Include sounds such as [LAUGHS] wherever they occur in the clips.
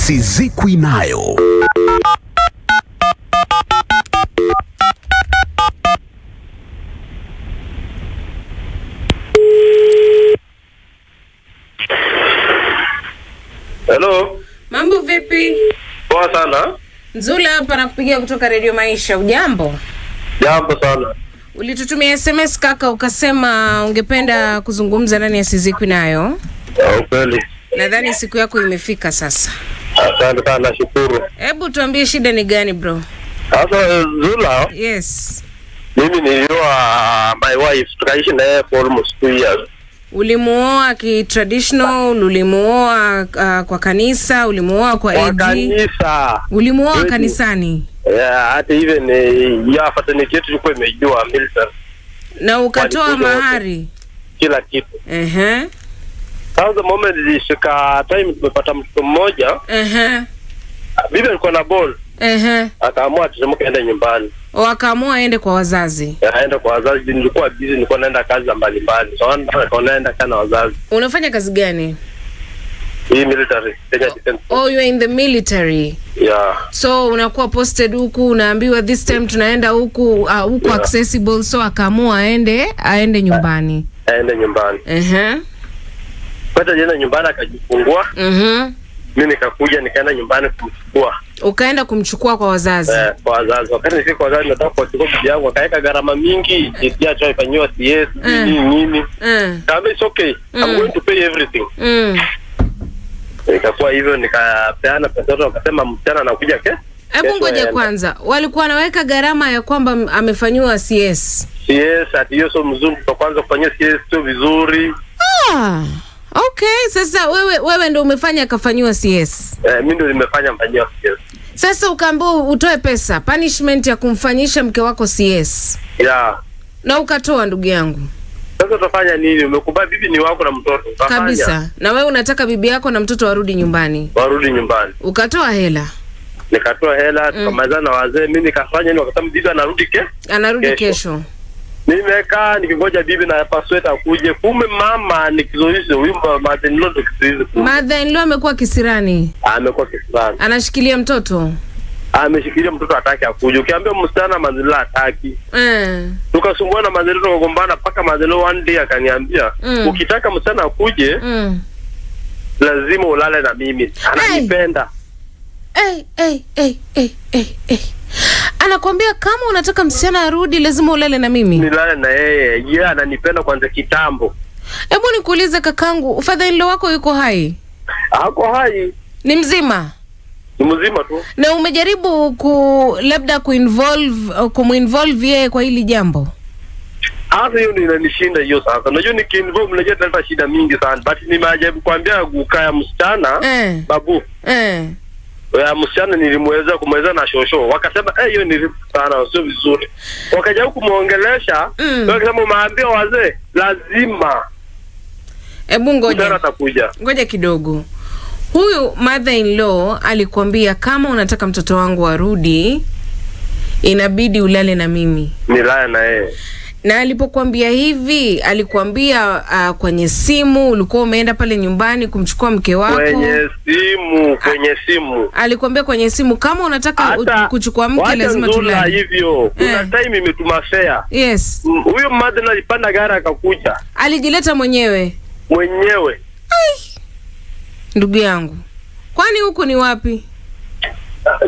Sizikwi nayo Hello. Mambo vipi? Poa sana. Nzula hapa nakupigia kutoka Radio Maisha. Ujambo? Jambo sana. Ulitutumia SMS kaka, ukasema ungependa kuzungumza ndani ya Sizikwi nayo. Ukweli. Nadhani siku yako imefika sasa. Asante sana, nashukuru. Hebu tuambie shida ni gani bro? Sasa eh, Zula. Yes. Mimi nilioa my wife, tukaishi naye for almost two years. Ulimuoa ki traditional, ulimuoa uh, kwa kanisa, ulimuoa kwa AG. Kwa kanisa. Ulimuoa kanisani. Yeah, hata ni ya fraternity yetu ilikuwa imejua Milton. Na ukatoa mahari. Kila kitu. Eh uh -huh. Sounds moment ilishika time tumepata mtoto mmoja. Eh. Bibi alikuwa na ball. Eh. Akaamua tusemuke aende nyumbani. O, oh, akaamua aende kwa wazazi. Aende kwa wazazi, nilikuwa busy, nilikuwa naenda kazi za mbalimbali. So ndio naenda kana wazazi. Unafanya kazi gani? Hii military. Kenya oh, Defense. Oh, you are in the military. Yeah. So unakuwa posted huku, unaambiwa this time tunaenda huku, uh, huku yeah, accessible so akaamua aende aende nyumbani. Aende nyumbani. Eh. Uh -huh. Nilipata jana nyumbani akajifungua. Mhm. Mimi nikakuja nikaenda nyumbani kumchukua. Ukaenda kumchukua kwa wazazi. Eh, kwa wazazi. Wakati nifika kwa wazazi nataka kuwachukua bibi yangu akaweka gharama mingi, sijui acha ifanywe CS eh. nini nini. Mm. Eh. Kaambia it's okay. Mm. I'm going to pay everything. Mm. Ikakuwa hivyo nikapeana pesa zote wakasema msichana anakuja ke. Hebu ngoja kwanza. Walikuwa wanaweka gharama ya kwamba amefanyiwa CS. CS, ati hiyo sio mzungu kwa kwanza kufanyia CS sio vizuri. Ah. Okay, sasa wewe wewe ndio umefanya akafanyiwa CS. Eh, mimi ndio nimefanya mfanyiwa CS. Sasa ukaambiwa utoe pesa, punishment ya kumfanyisha mke wako CS. Yeah. Na ukatoa ndugu yangu. Sasa utafanya nini? Umekubali bibi ni wako na mtoto. Utafanya. Kabisa. Na wewe unataka bibi yako na mtoto warudi nyumbani. Warudi nyumbani. Ukatoa hela. Nikatoa hela, mm. Tukamaliza na wazee, mimi nikafanya nini wakati bibi anarudi ke? Anarudi kesho. kesho. Nimekaa nikingoja bibi na pasweta akuje, kumbe mama ni kizuizi. Huyu mother-in-law ndo kizuizi. mother in amekuwa kisirani, amekuwa kisirani, anashikilia mtoto ameshikilia mtoto hataki akuje. Ukiambia msichana mazilo hataki mm. Eh. Tukasumbua na mazilo tukagombana, mpaka mazilo one day akaniambia mm. Ukitaka msichana akuje mm. lazima ulale na mimi, ananipenda hey. Hey, hey, hey, hey, hey, hey. Anakwambia kama unataka msichana arudi, lazima ulale na mimi. Nilale na yeye? Je, ananipenda kwanza kitambo? Hebu nikuulize kakangu, ufadhailo wako yuko hai? Ako hai, ni mzima Ni mzima tu. Na umejaribu ku labda kuinvolve kumuinvolve yeye kwa hili jambo? Hasa hiyo ndio inanishinda hiyo sasa. Unajua nikiinvolve najua italeta shida mingi sana. But nimejaribu kuambia ukaya msichana eh, babu eh ya msichana nilimweza kumweza na shosho, wakasema eh, hiyo ni sana, sio vizuri. Wakaja kumuongelesha mm. wakasema umeambia wazee lazima. Hebu ngoja ngoja kidogo, huyu mother in law alikwambia kama unataka mtoto wangu arudi, inabidi ulale na mimi, nilale na yeye na alipokuambia hivi alikuambia uh, kwenye simu ulikuwa umeenda pale nyumbani kumchukua mke wako? Kwenye simu, kwenye simu. Alikuambia kwenye simu kama unataka Ata, kuchukua mke lazima tulale. Hivyo. Kuna eh, time imetuma fare. Yes. Huyo mother alipanda gari akakuja. Alijileta mwenyewe. Mwenyewe. Ndugu yangu. Kwani huko ni wapi?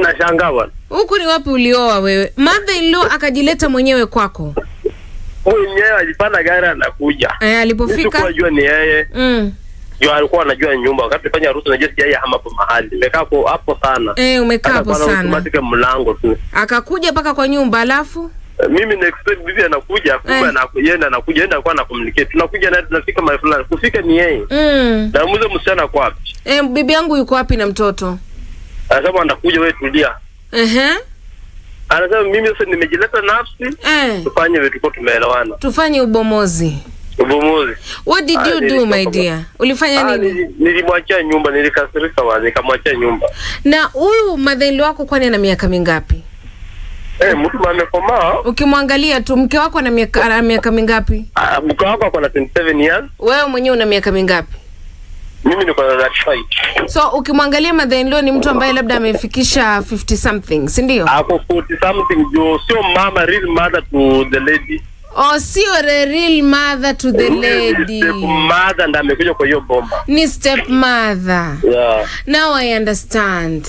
Nashangaa bwana. Huko ni wapi ulioa wewe? mother in law akajileta mwenyewe kwako huyu mnyewe alipanda gari anakuja. Eh, alipofika sikujua ni yeye mm. Ndio alikuwa anajua nyumba wakati fanya harusi, na si yeye hapo mahali. Nimekaa hapo hapo sana. Eh, umekaa hapo sana. Automatic mlango tu. Akakuja mpaka kwa nyumba alafu eh, mimi na expect bibi anakuja kumbe eh. na yeye anakuja yeye alikuwa na tunakuja na tunafika mahali fulani kufika ni yeye mm. na muuze msichana kwa wapi eh bibi yangu yuko wapi na mtoto anasema anakuja wewe tulia ehe uh -huh anasema mimi sasa nimejileta nafsi eh, tufanye vitu kwa tumeelewana, tufanye ubomozi ubomozi. What did ah, you ah, do my dear? Ulifanya ah, nini? Nilimwachia nyumba, nilikasirika wazi, nikamwachia nyumba. Na huyu madhaili wako kwani ana miaka mingapi? Eh, mtu amekomaa. Ukimwangalia tu mke wako ana miaka ana miaka mingapi? Ah, Mke wako ana 27 years. Wewe mwenyewe una miaka mingapi? Mimi niko na 35. So ukimwangalia Madhain Lo ni mtu ambaye labda amefikisha 50 something, si ndio? Ako 40 something jo, sio mama, real mother to the lady. Oh, sio real mother to the lady. Step mother ndo amekuja kwa hiyo bomba. Ni step mother. Yeah. Now I understand.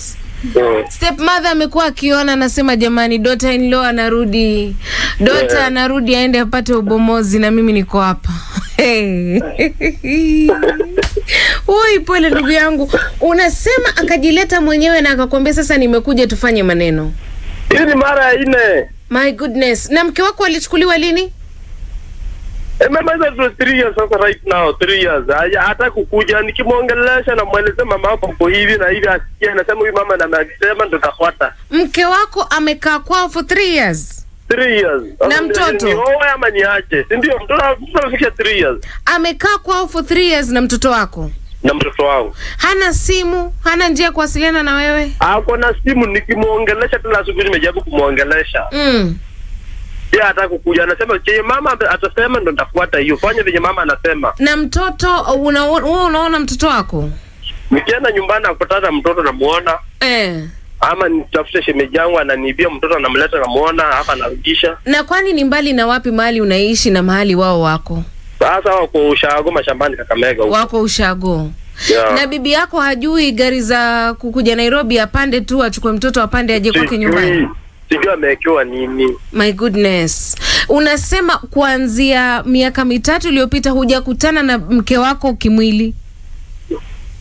Yeah. Step mother amekuwa akiona, anasema jamani, daughter in law anarudi, daughter yeah, anarudi aende apate ubomozi na mimi niko hapa. [LAUGHS] Hey. [LAUGHS] Uy, pole ndugu yangu, unasema akajileta mwenyewe na akakwambia sasa nimekuja tufanye maneno. Hii ni mara ya nne. My goodness. Na mke wako alichukuliwa lini? Imemaliza eh, tu three years sasa, right now three years. Hata kukuja nikimwongelesha na mwelezea mama hapo kwa hivi na hivi, asikia anasema huyu mama na anasema ndo tafuata. Mke wako amekaa kwao for three years. Na mtoto. Ni oe ama niache? Ndio, mtoto amefikia 3 years. Amekaa kwao for 3 years na mtoto wako na mtoto wangu hana simu, hana njia ya kuwasiliana na wewe. Ako na simu, nikimwongelesha tena asubuhi, nimejaribu kumwongelesha mm. Yeah, hata kukuja anasema chenye mama atasema ndo nitafuata hiyo, fanya vyenye mama anasema. Na mtoto una, una, unaona mtoto wako nikienda nyumbani akutana mtoto namuona eh ama nitafute shemeji yangu ananiibia mtoto anamleta namuona hapa anarudisha. Na kwani ni mbali na wapi mahali unaishi na mahali wao wako? Sasa wako ushago mashambani Kakamega huko. Wako ushago. Yeah. Na bibi yako hajui gari za kukuja Nairobi apande tu achukue mtoto apande aje kwake nyumbani. Sijui amewekewa nini. My goodness. Unasema kuanzia miaka mitatu iliyopita hujakutana na mke wako kimwili?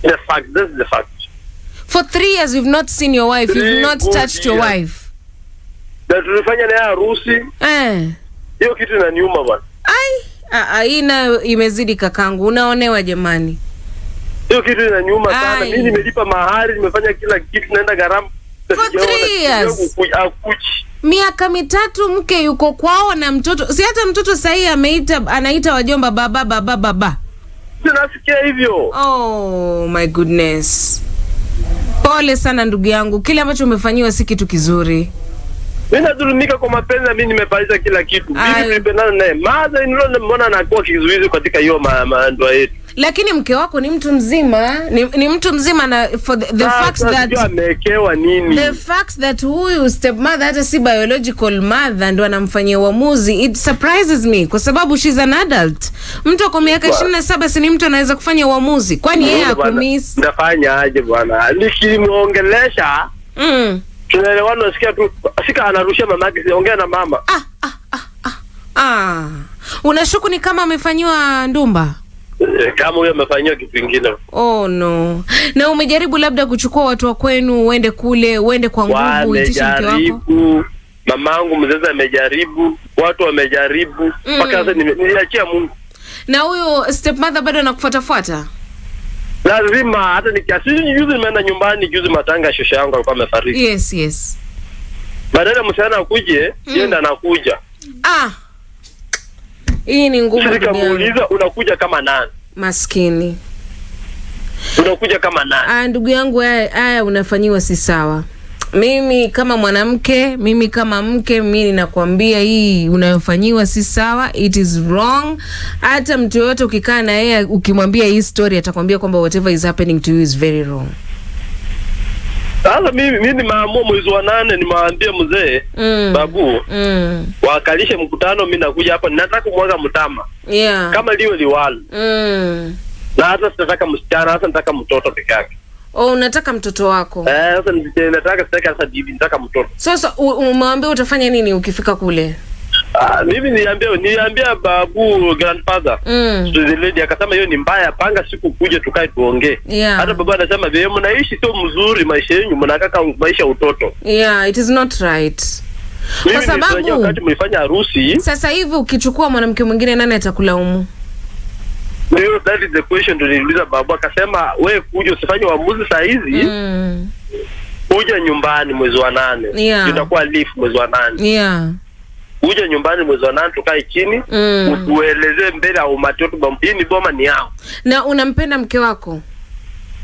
The fact, this is the fact. For three years you've not seen your wife, three you've not touched your wife. Na tulifanya naye harusi. Eh. Hiyo kitu inaniuma bwana aina imezidi kakangu, unaonewa jamani, hiyo kitu ina nyuma sana. Mimi nimelipa mahari, nimefanya kila kitu, naenda gharama for 3 years miaka mitatu mke yuko kwao na mtoto, si hata mtoto sahii ameita anaita wajomba baba baba baba, nasikia hivyo. Oh my goodness, pole sana ndugu yangu, kile ambacho umefanyiwa si kitu kizuri. Mimi nadhulumika kwa mapenzi na mimi nimepaliza kila kitu. Mimi nilipendana naye. maza in law nimeona anakuwa kizuizi katika hiyo mandoa yetu. Lakini mke wako ni mtu mzima, ni, ni mtu mzima na for the, the ah, fact that amewekewa nini? The fact that huyu stepmother hata si biological mother ndo anamfanyia uamuzi. It surprises me kwa sababu she's an adult. Mtu kwa miaka 27 si ni mtu anaweza kufanya uamuzi. Kwani yeye akumiss? Nafanya aje bwana? nikimuongelesha Mm tunaelewana, nasikia tu sika anarushia mama yake, siongea na mama. Ah, ah, ah, ah. Ah. Unashuku ni kama amefanyiwa ndumba eh, kama huyo amefanyiwa kitu kingine. Oh no. Na umejaribu labda kuchukua watu wa kwenu uende kule, uende kwa nguvu uitishe mke wako? Mamangu mzazi amejaribu, watu wamejaribu mpaka mm. Sasa nimeachia Mungu. Na huyo stepmother bado anakufuatafuata? lazima hata nikiasi. Juzi nimeenda nyumbani, juzi matanga shosha yangu alikuwa amefariki. Yes, yes. Badala msichana akuje, mm. yeye ndo anakuja. Ah, hii ni ngumu. Sisi kamuuliza unakuja kama nani? Maskini, unakuja kama nani? Ah, ndugu yangu, haya unafanyiwa si sawa mimi kama mwanamke, mimi kama mke, mimi ninakwambia hii unayofanyiwa si sawa, it is wrong. Hata mtu yoyote ukikaa na yeye ukimwambia hii story, atakwambia kwamba whatever is happening to you is very wrong. Sasa mimi mimi nimeamua mwezi wa nane nimewaambie mzee mm. babu mm. wakalishe mkutano, mimi nakuja hapa, ninataka kumwaga mtama yeah. kama liwe liwalo mm. na hata sitataka msichana, hata nataka mtoto peke yake. Oh, unataka mtoto wako? Eh, sasa eh, nataka sasa sasa bibi, nataka mtoto. Sasa umwambie utafanya nini ukifika kule? Ah, mimi niambia niambia babu grandfather. Mm. So The lady akasema hiyo ni mbaya, panga siku kuja tukae tuongee. Yeah. Hata baba anasema vile mnaishi sio mzuri maisha yenu, mnakaa maisha utoto. Yeah, it is not right. Kwa sababu wakati mlifanya harusi. Sasa hivi ukichukua mwanamke mwingine nani atakulaumu? Ndio, that is the question tuliuliza babu, akasema wewe kuja usifanye uamuzi saa hizi mm. Kuja nyumbani mwezi wa nane yeah. Tutakuwa leaf mwezi wa nane yeah. Kuja nyumbani mwezi wa nane tukae chini mm. uelezee mbele ya umati wetu, hii ni boma ni yao. Na unampenda mke wako?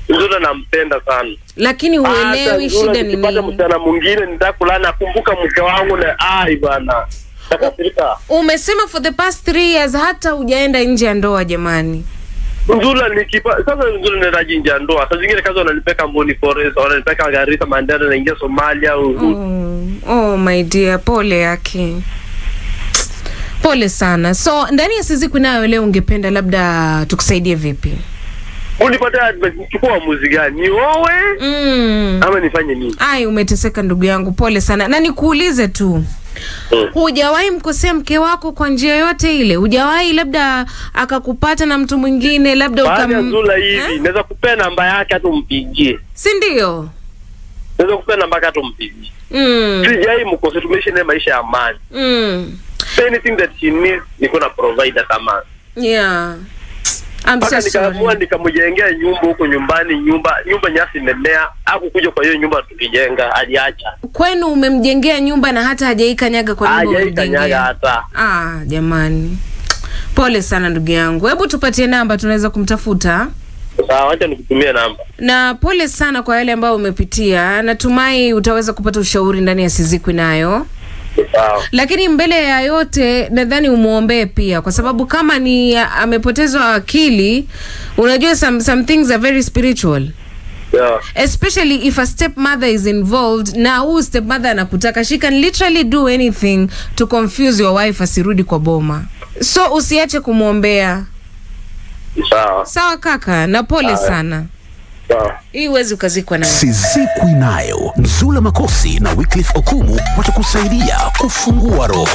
Nzura nampenda sana lakini huelewi shida ni nini? Nikipata msichana mwingine nitakulana, nakumbuka mke wangu na ai bwana Umesema for the past three years hata hujaenda nje ya ndoa jamani. Nzula nikipa sasa, Nzula naendaje nje ya ndoa? Sasa zingine kazi wananipeka Mboni Forest, wananipeka Garissa, Mandera, naingia Somalia. Oh, oh my dear, pole yake. Pole sana. So ndani ya Sizi Kunayo leo, ungependa labda tukusaidie vipi? Unipatia advice, nichukua uamuzi gani? Niowe mm, ama nifanye nini? Ai, umeteseka ndugu yangu, pole sana. Na nikuulize tu Mm. Hujawahi mkosea mke wako kwa njia yote ile? Hujawahi labda akakupata na mtu mwingine, labda ukam... Zula eh? hivi naweza kupea namba yake hata umpigie, si ndio? Naweza kupea namba yake hata umpigie. Mm. Sijai mkosea, tumeishi naye maisha ya amani. Mm. Anything that she needs niko na provider kama. Yeah mpaka nikaamua nikamjengea nyumba huko nyumbani, nyumba nyumba nyasi imemea, hakukuja kwa hiyo nyumba tukijenga, aliacha. Kwenu umemjengea nyumba na hata hajaikanyaga kwa nyumba, hajaikanyaga hata. Ah, jamani, pole sana ndugu yangu. Hebu tupatie namba tunaweza kumtafuta. Sawa, acha nikutumie namba. Na pole sana kwa yale ambayo umepitia, natumai utaweza kupata ushauri ndani ya Sizikwi Nayo. Lakini mbele ya yote nadhani umwombee pia, kwa sababu kama ni uh, amepotezwa akili, unajua some, some things are very spiritual Yeah. Especially if a stepmother is involved na huu stepmother anakutaka, she can literally do anything to confuse your wife asirudi kwa boma, so usiache kumwombea. Sawa sawa kaka, na pole sana. Hii huwezi ukazikwa nayo. Sizikwi nayo. Nzula Makosi na Wycliffe Okumu watakusaidia kufungua roho.